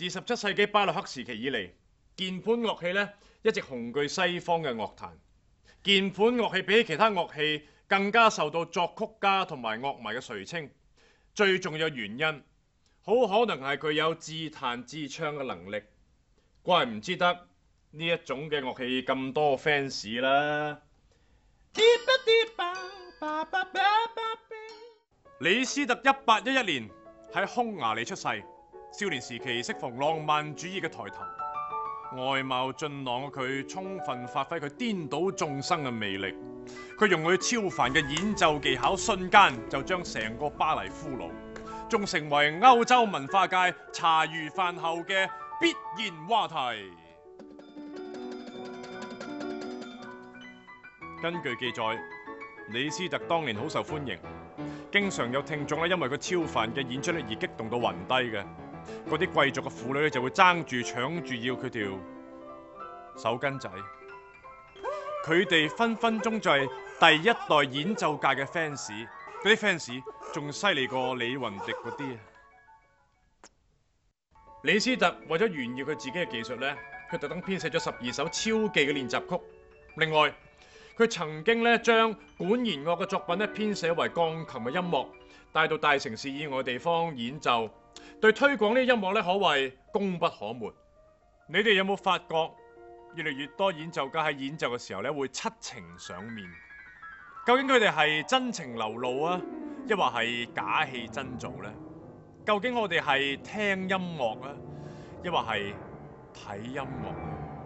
自十七世紀巴洛克時期以嚟，鍵盤樂器呢一直雄踞西方嘅樂壇。鍵盤樂器比起其他樂器更加受到作曲家同埋樂迷嘅垂青。最重要嘅原因，好可能係佢有自彈自唱嘅能力。怪唔知得呢一種嘅樂器咁多 fans 啦。李斯特一八一一年喺匈牙利出世。少年時期適逢浪漫主義嘅抬頭，外貌俊朗嘅佢充分發揮佢顛倒眾生嘅魅力。佢用佢超凡嘅演奏技巧，瞬間就將成個巴黎俘虜，仲成為歐洲文化界茶餘飯後嘅必然話題。根據記載，李斯特當年好受歡迎，經常有聽眾咧因為佢超凡嘅演出咧而激動到暈低嘅。嗰啲貴族嘅婦女咧，就會爭住搶住要佢條手巾仔。佢哋分分鐘就係第一代演奏界嘅 fans。嗰啲 fans 仲犀利過李雲迪嗰啲啊！李斯特為咗炫耀佢自己嘅技術咧，佢特登編寫咗十二首超技嘅練習曲。另外，佢曾經咧將管弦樂嘅作品咧編寫為鋼琴嘅音樂，帶到大城市以外嘅地方演奏。對推廣呢音樂咧，可謂功不可沒。你哋有冇發覺越嚟越多演奏家喺演奏嘅時候咧，會七情上面？究竟佢哋係真情流露啊，抑或係假戲真做呢？究竟我哋係聽音樂啊，抑或係睇音樂？